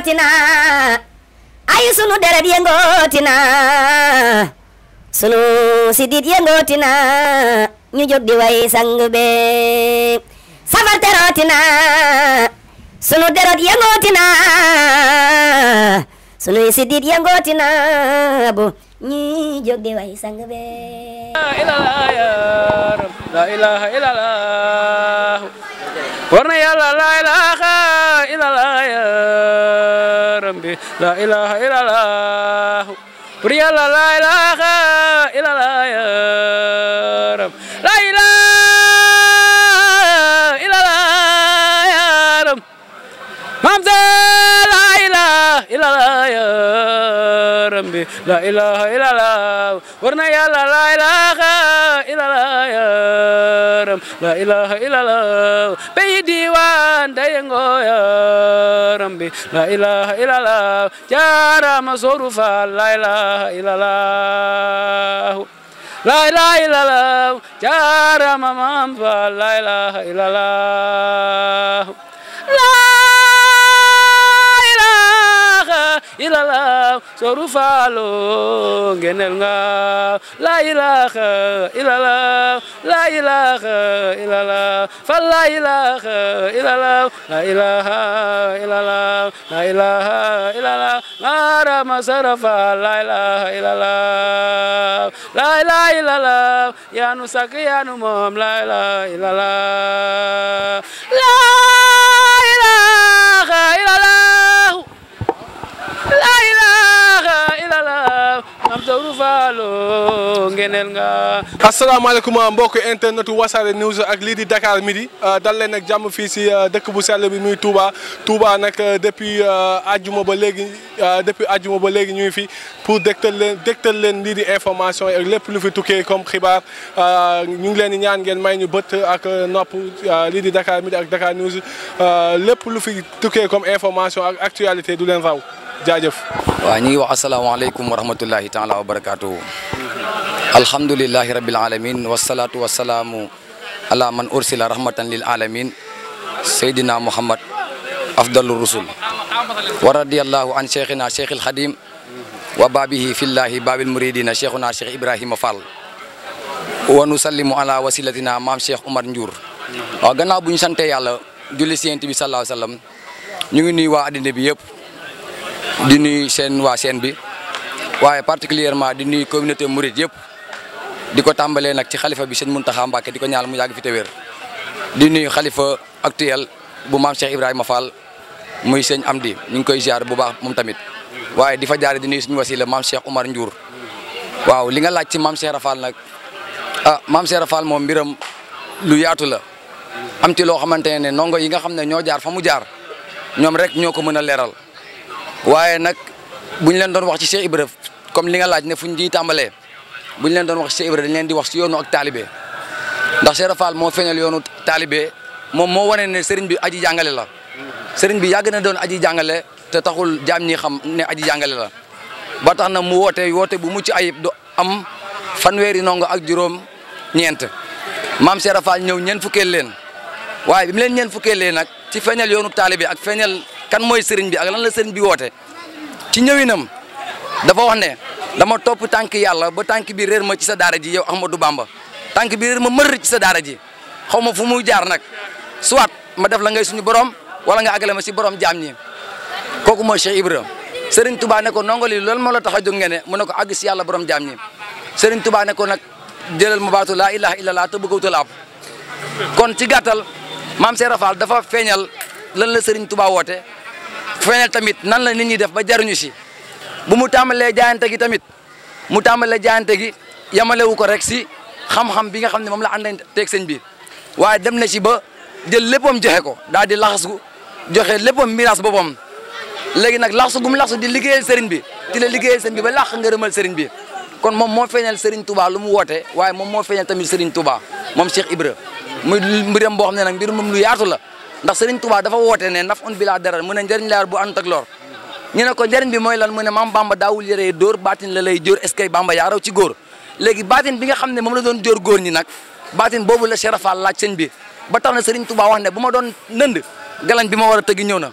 yëngootina ay sunu deret yëngootina sunu sidit yëngootina ñu jóg di way sang be safar terootina sunu deret yëngootina sunuy sidit yëngootina bu ñi jóg di way sang la ilaha illallah war na yàlla لا إله إلا الله ريال لا إله إلا الله يا رب لا إله إلا الله يا رب ممزة لا إله إلا الله يا رب لا إله إلا الله ورنا يا لا إله إلا الله يا رب لا إله إلا الله ndeyingo ya rambi la ilaha illallah ya rama sorufa la ilaha illallah la ilaha rama mamfa la ilaha illallah ilala sorufalo ngenel nga la ilaha ilala la ilaha ilala fa la ilaha illallah la ilaha illallah ngara masarafa la la ilaha illallah ya nu la ilaha illallah la ilaha illallah am tawru faalo ngeneel nga asalaamaaleykum mbokk internetu wasaare news ak lii di Dakar midi euh, dal leen nag jàmm fii si euh, dëkk bu sell bi muy Touba Touba nag euh, depuis ajjuma ba léegi depuis ajjuma ba léegi ñuy fi pour dégtal leen dégtal leen lii di information ak lépp lu fi tukkee comme xibaar ñu ngi leen di ñaan ngeen may ñu bët ak nopp lii di Dakar midi ak Dakar news lépp lu fi tukkee comme information ak actualité du leen raw jaajëf. waaw ñu ngi wax asalaamaaleykum wa rahmatullahi taala wa barakaatuhu. alhamdulilahi rabil alamin wasalaatu wasalaamu ala man ursila rahmatan lil muhammad afdalu rusul wa radiyallahu an cheikhina cheikh il wa babihi fillahi babil muridina cheikhuna cheikh ibrahima fall wa nusallimu ala wasilatina maam cheikh omar ndiour waaw gannaaw bu ñu sante yàlla julli siyent bi sallallahu alayhi wa sallam ñu ngi waa addina bi yëpp di nuyu seen waa seen bi waaye particulièrement di nuyu communauté Mouride yëpp di ko tàmbalee nag ci xalifa bi sëñ Mountakha Mbacké di ko ñaal mu yàgg fi te di nuyu xalifa actuel bu maam Cheikh Ibrahima Fall muy sëñ di ñu ngi koy jaar bu baax moom tamit waaye di fa jaare di nuyu suñu wasila maam Cheikh Oumar Ndiour waaw li nga laaj ci maam Cheikh Rafal nag ah maam Cheikh Rafal moom mbiram lu yaatu la am ci loo xamante ne nongo yi nga xam ne ñoo jaar fa mu jaar ñoom rek ñoo ko mën a leeral waaye nag bu ñu leen doon wax ci Cheikh Ibra comme li nga laaj ne fu ñu di tàmbalee bu ñu leen doon wax ci Cheikh Ibra dañ leen di wax ci yoonu ak taalibe ndax Cheikh Rafal moo feeñal yoonu taalibe moom moo wane ne sëriñ bi aji jàngale la sëriñ bi yàgg na doon aji jàngale te taxul jaam ñi xam ne aji jàngale la ba tax na mu woote woote bu mucc ayib do am fanweeri nongo ak juróom ñeent maam Cheikh Rafal ñëw ñeent fukkee leen waaye bi mu leen ñeent fukkee leen nag ci feeñal yoonu taalibe ak feeñal kan mooy sëriñ bi ak lan la sëriñ bi woote ci ñëwinam dafa wax ne dama topp tànk yàlla ba tànk bi réer ma ci sa daara ji yow Ahmadou Bamba tànk bi réer ma mër ci sa daara ji xaw ma fu muy jaar nag soit ma def la ngay suñu borom wala nga àggale ma si borom jaam ñi kooku mooy Cheikh Ibrahima Serigne Touba ne ko nongoli loolu moo la tax a jóg ngeen ne mu ne ko àgg si yàlla borom jaam ñi Serigne Touba ne ko nag jëlal mu baatu laa ilaha illallah te bëggawutal app kon la Serigne Touba woote. feeñal tamit nan la nit ñi def ba jariñu si bu mu tàmbalee jaayante gi tamit mu tàmbalee jaayante gi yamalewu ko rek si xam-xam bi nga xam ne moom la àndante teg sëñ bi waaye dem na ci ba jël léppam joxe ko daal di laxasu joxe léppam miraas boppam léegi nag laxasu gum laxasu di liggéeyal sëriñ bi ci la liggéeyal sëriñ bi ba làq ngërëmal sëriñ bi kon moom moo feeñal sëriñ Touba lu mu woote waaye moom moo feeñal tamit sëriñ Touba moom Cheikh Ibra muy mbiram boo xam ne nag mbir moom lu la ndax Serigne Touba dafa woote ne naf un bila darar mu ne njëriñ la bu ànd ak ñu ne ko njariñ bi mooy lan mu ne maam Bamba daawul yëree dóor baatin la lay jóor est-ce que Bamba yaa raw ci góor léegi baatin bi nga xam ne moom la doon jóor góor ñi nag baatin boobu la Cheikh Fall laaj sëñ bi ba tax na Serigne Touba wax ne bu ma doon nënd galañ bi ma war a tëggi ñëw na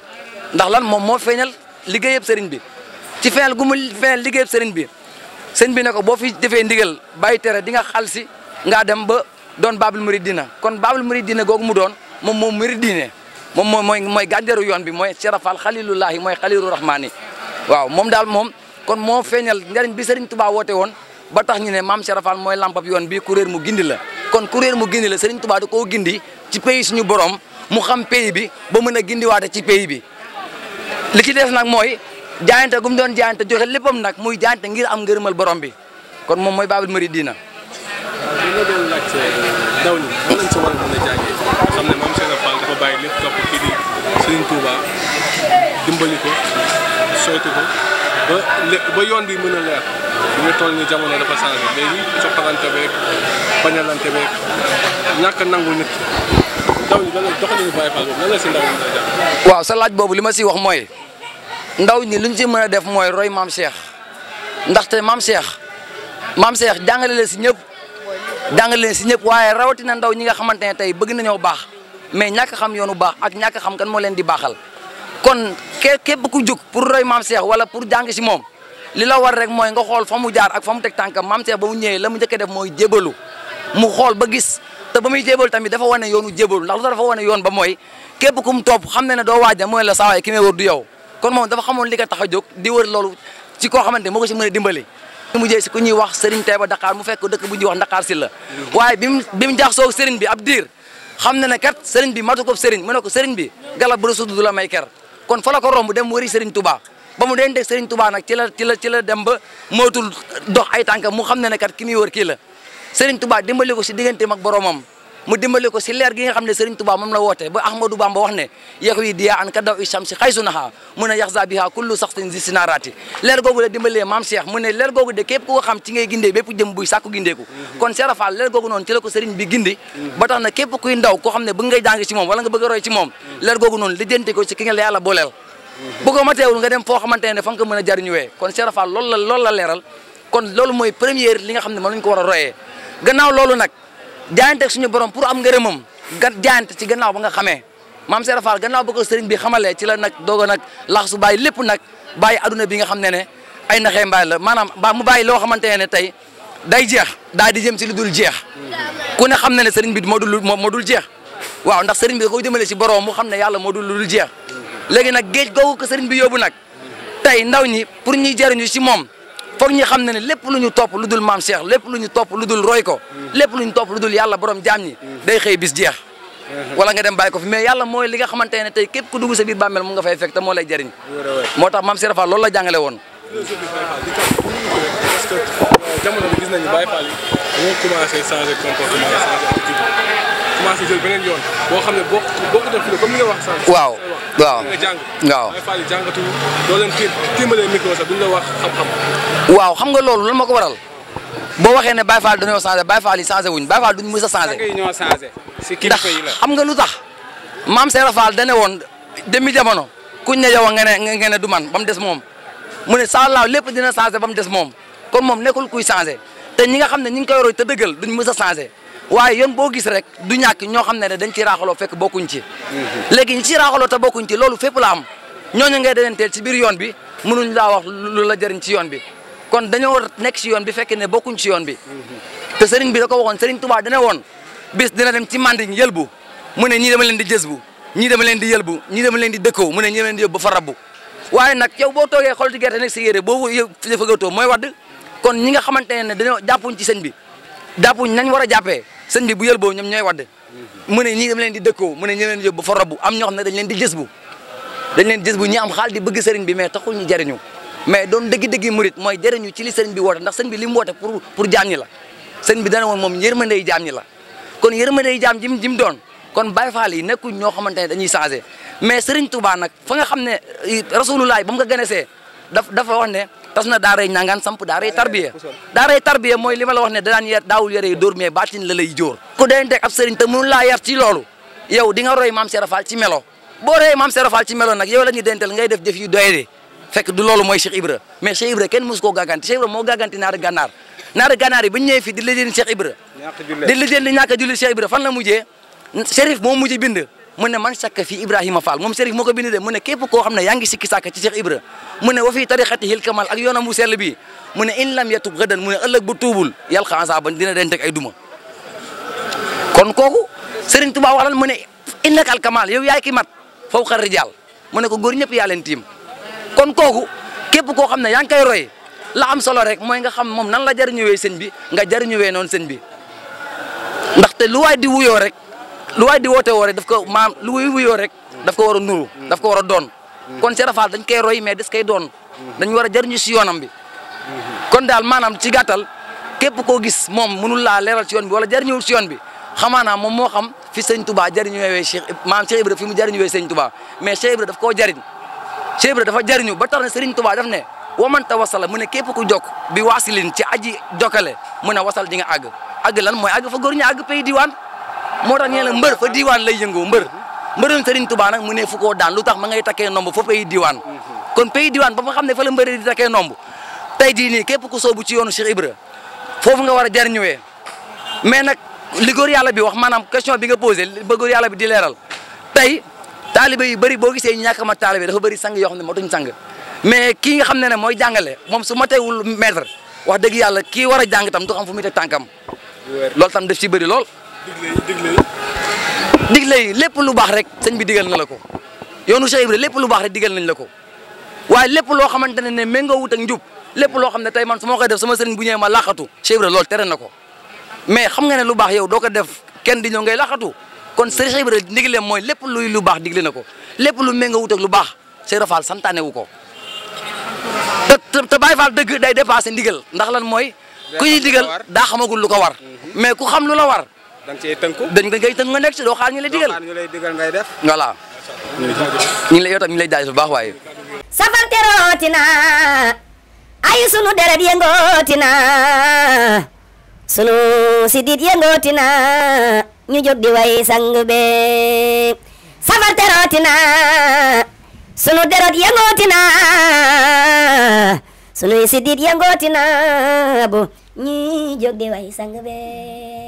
ndax lan moom moo feeñal liggéeyab Serigne bi ci feeñal gu mu feeñal liggéeyab Serigne bi sëñ bi ne ko boo fi defee ndigal bàyyi tere di nga xal si ngaa dem ba doon Babul Muridina kon Babul Muridina googu mu doon moom moom murid diine moom moom mooy mooy gàndeeru yoon bi mooy serafal xalilullahi mooy xalilu rahmaani waaw moom daal moom kon moo feeñal njariñ bi Serigne Touba woote woon ba tax ñu ne maam serafal mooy lampab yoon bi kuréel mu gindi la kon kuréel mu gindi la Serigne Touba da koo gindi ci pays suñu borom mu xam pays bi ba mën a gindiwaate ci pays bi li ci des nag mooy jaayante gum mu doon jaayante joxe léppam nag muy jaayante ngir am ngërëmal borom bi kon moom mooy Baabul Muridiina. waaw li bàyyi lépp topp kii di Serigne Touba dimbali ko soytu ko ba yoon bi mën a leer bi ñu ni jamono dafa changé léegi soxalante beeg bañalante beeg ñàkk nangu nit ndaw ñi lan la waaw sa laaj boobu li ma si wax mooy ndaw ñi li ñu si mën a def mooy roy maam Cheikh ndaxte maam Cheikh maam Cheikh jàngale leen si ñëpp jàngale leen si ñëpp waaye rawatina ndaw ñi nga xamante ne tey bëgg nañoo baax. mais ñakk xam yoonu baax ak ñàkk xam kan moo leen di baaxal kon ke képp ku jóg pour roy maam Cheikh wala pour jàng si moom li la war rek mooy nga xool fa mu jaar ak fa mu teg tànka maam Cheikh ba mu ñëwee la mu njëkk a def mooy jébalu mu xool ba gis te ba muy jébalu tamit dafa wane yoonu jébalu ndax lu tax dafa wane yoon ba mooy képp ku mu topp xam ne ne doo waaj a mooy la saawaay ki may wër du yow kon moom dafa xamoon li ko tax a jóg di wër loolu ci koo xamante moo ko si mën a dimbali mu mujjee si ku ñuy wax Serigne Taïba Dakar mu fekk dëkk bu ñuy wax Dakar si la mm-hmm. waaye bi mu bi mu jaax soog Serigne bi ab diir xam na ne kat sëriñ bi matu ko sëriñ mu ne ko sëriñ bi gala bu la du la may ker kon fa la romb dem wëri sëriñ Touba ba mu deen deg sëriñ Touba nag ci la ci la ci la dem ba mootul dox ay tànk mu xam ne ne kat ki muy wër kii la sëriñ Touba dimbali ko si diggante mag boromam mu dimbale ko si leer gi nga xam ne Serigne Touba moom la woote ba Ahmadou wax ne yeeku yi diyaa an ka daw i shamsi xaysu naha mun a yaxza biha kullu saxsin zi sinaraati leer googu la dimbalee maam Cheikh mu ne leer googu de képp ku ko xam ci ngay gindee bépp jëm buy sàkku gindeeku mhm. kon Cheikh Rafal leer googu noonu ci la ko Serigne bi gindi ba tax na képp kuy ndaw koo xam ne bëgg ngay jàng ci moom wala nga bëgg a roy ci moom mhm. leer googu noonu lijjanti ko ci ki nga la mhm. xamante ne fa nga a jariñuwee kon Cheikh Rafal loolu la loolu la leeral kon loolu li nga xam ne moom lañ ko war a royee gannaaw loolu jaayanteeg suñu borom pour am ngërëmam gan jaayante ci gannaaw ba nga xamee maam Serap Fall gannaaw ba ko sëriñ bi xamalee ci la nag doog a nag laax su bàyyi lépp nag bàyyi aduna bi nga xam ne ne ay naxee mbaay la maanaam ba mu bàyyi loo xamante ne tey day jeex daal di jëm ci lu dul jeex ku ne xam ne ne sëriñ bi moo dul moo dul jeex waaw ndax sëriñ bi da koy jëmale ci borom mu xam ne yàlla moo dul dul jeex léegi nag géej googu ko sëriñ bi yoobu nag tey ndaw ñi pour ñuy jariñu ci moom foog ñu xam ne ne lépp lu ñu topp lu dul maam Cheikh lépp lu ñu topp lu dul roy ko lépp lu ñu topp lu dul yàlla borom jaam ñi day xëy bis jeex wala nga dem bàyyi ko fi mais yàlla mooy li nga xamante ne tey képp ku dugg sa biir bàmmeel mu nga fay fekk moo lay jëriñ moo tax maam Cheikh fa loolu la jàngale woon parce que jamono bi gis nañu xam ne waaw waaw waaw xam nga loolu lan moo ko waral boo waxee ne Baye Fall dañoo changé Baye Fall yi changé wuñ Baye Fall duñ mës a changé ndax xam nga lu tax maam Seera Fall dane woon demi jamono kuñ ne yow a nga ne nga ne du man ba mu des moom mu ne saalaaw lépp dina changé ba mu des moom kon moom nekkul kuy changé te ñi nga xam ne ñi ngi koy roy te dëggal duñ mës a changé waaye yoon boo gis rek du ñàkk ñoo xam ne ne dañ ci raaxaloo fekk bokkuñ ci léegi ñi ci raxaloo te bokkuñ ci loolu fépp la am ñooñu ngay denenteel ci biir yoon bi mënuñ laa wax lu la jëriñ ci yoon bi kon dañoo nekk ci yoon bi fekk ne bokkuñ ci yoon bi te sëriñ bi da ko waxoon sëriñ Tuubaa dana woon bis dina dem ci manding yëlbu mu ne ñii dama leen di jës bu ñii dama leen di yëlbu ñii dama leen di dëkkoo mu ne ñii dama leen di yóbbu fa rabbu waaye nag yow boo toogee xool ci gerte nekk si yére boo fëggatoo mooy wadd kon ñi nga xamante ne dañoo jàppuñ ci sëñ bi jàppuñ nañ war a jàppee sëñ bi bu yël boo ñoom ñooy wadd mu ne ñii dama leen di dëkkoo mu ne ñi leen di yóbbu fa robbu am ñoo xam ne dañ leen di gës bu dañ leen di gës bu ñi am xaal di bëgg sëriñ bi mais taxul ñu jariñu doon dëgg-dëgg murit mooy jariñu ci li sëriñ bi woote ndax sëñ bi li mu woote pour pour jaam ñi la sëñ bi dana woon moom yërmande yi jaam ñi la kon yërmande yi jaam jim jim doon kon Baye Fall yi nekkuñ ñoo xamante ne dañuy changé mais sëriñ Touba nag fa nga xam ne rasulullah ba mu ko a daf dafa wax ne tas na daaray ñangaan samp daaray tarbiya daaray tarbiya mooy li ma la wax ne da daan yar daawul yare dóor mais baatin la lay jóor ku denteeg ab sëriñ laa yar ci loolu yow di nga roy maam serafal ci melo boo roy maam serafal ci melo nag yow la ñuy dentel ngay def jëf yu fekk du loolu mooy Cheikh Ibra mais Cheikh Ibra kenn mosu koo gàgganti Cheikh moo gàgganti naari gànnaar naari gànnaar yi bu ñu ñëwee fii di lijjeen Cheikh Ibra di di ñàkk a julli Cheikh Ibra fan la mujjee Chérif mu ne man sakka fii Ibrahima Fall moom Serigne moo ko bind de mu ne képp koo xam ne yaa ngi sikki sàkk ci Cheikh Ibra mu ne wa fii tariqati hil kamal ak yoonam bu sell bi mu in lam yatub gadan mu ne ëllëg bu tuubul yàlla xansa dina den teg ay duma kon kooku Serigne Touba waxal mu ne innaka al kamal yow yaay ki mat fawqa rijal mu ne ko góor ñëpp yaa leen tiim kon kooku képp koo xam ne yaa ngi koy roy la am solo rek mooy nga xam moom nan la jariñëwee sëñ bi nga jariñëwee noonu sëñ bi ndaxte lu waay di wuyoo rek lu waay di woote woo rek daf ko maam lu wuy wuyoo rek daf ko war a nuru mm. daf ko war a doon mm. kon Cheikh Rafal dañ koy roy mais des koy doon mm. dañ war a jëriñu si yoonam bi mm-hmm. kon daal maanaam ci gàttal képp koo gis moom mënul laa leeral ci yoon bi wala jëriñuwul si yoon bi xamaanaa moom moo xam fi sëñ Touba jëriñuwee Cheikh maam Cheikh Ibra fi mu jëriñuwee sëñ Touba mais Cheikh Ibra daf koo jëriñ dafa jariñu ba tax na Serigne Touba daf ne waman tawassala mu ne képp ku jokk bi waasilin ci aji jokkale mu ne wasal di nga àgg àgg lan àgg fa moo tax ñu ne la mbër fa diwaan lay yëngoo mbër mbërum Serigne Touba nag mu ne fu daan lu tax ma ngay takkee nomb fa pays diwaan kon pays diwaan ba nga xam ne fa la mbër di takkee nomb tey jii nii képp ku soobu ci yoonu Cheikh Ibra foofu nga war a jariñuwee mais nag li góor yàlla bi wax maanaam question bi nga posé ba góor yàlla bi di leeral tey taalibe yu bëri boo gisee ñàkk a mat taalibe dafa bëri sang yoo xam ne matuñ sang mais kii nga xam ne ne mooy jàngale moom su matewul maître wax dëgg yàlla kii war a jàng tam du xam fu muy tànkam loolu tam def ci bëri lool digle yi digle lépp lu baax rek sëñ bi digal na la ko yoonu Cheikh Ibra lépp lu baax rek digal nañ la ko waaye lépp loo xamante ne ne méngoo ak njub lépp loo xam ne tey man su ma koy def sama seen bu ñëwee ma laqatu Cheikh Ibra loolu tere na ko mais xam nga ne lu baax yow doo ko def kenn di ñëw ngay laxatu kon sëriñ Cheikh Ibra ndigle mooy lépp luy lu baax digle na ko lépp lu méngoo wut ak lu baax Cheikh Ibra santaane wu ko te te Baye Fall dëgg day dépassé ndigal ndax lan mooy ku ñuy digal daa xamagul lu ko war mhm. da nga cee tënku dañ ngay tënk nga nekk ci doo xaar ñu lay digal ñu lay lay yow tam waaye safar terooti na ay sunu deret yëngooti na sunu sunu deret yëngooti na sunuy sidit yëngooti na di way sang be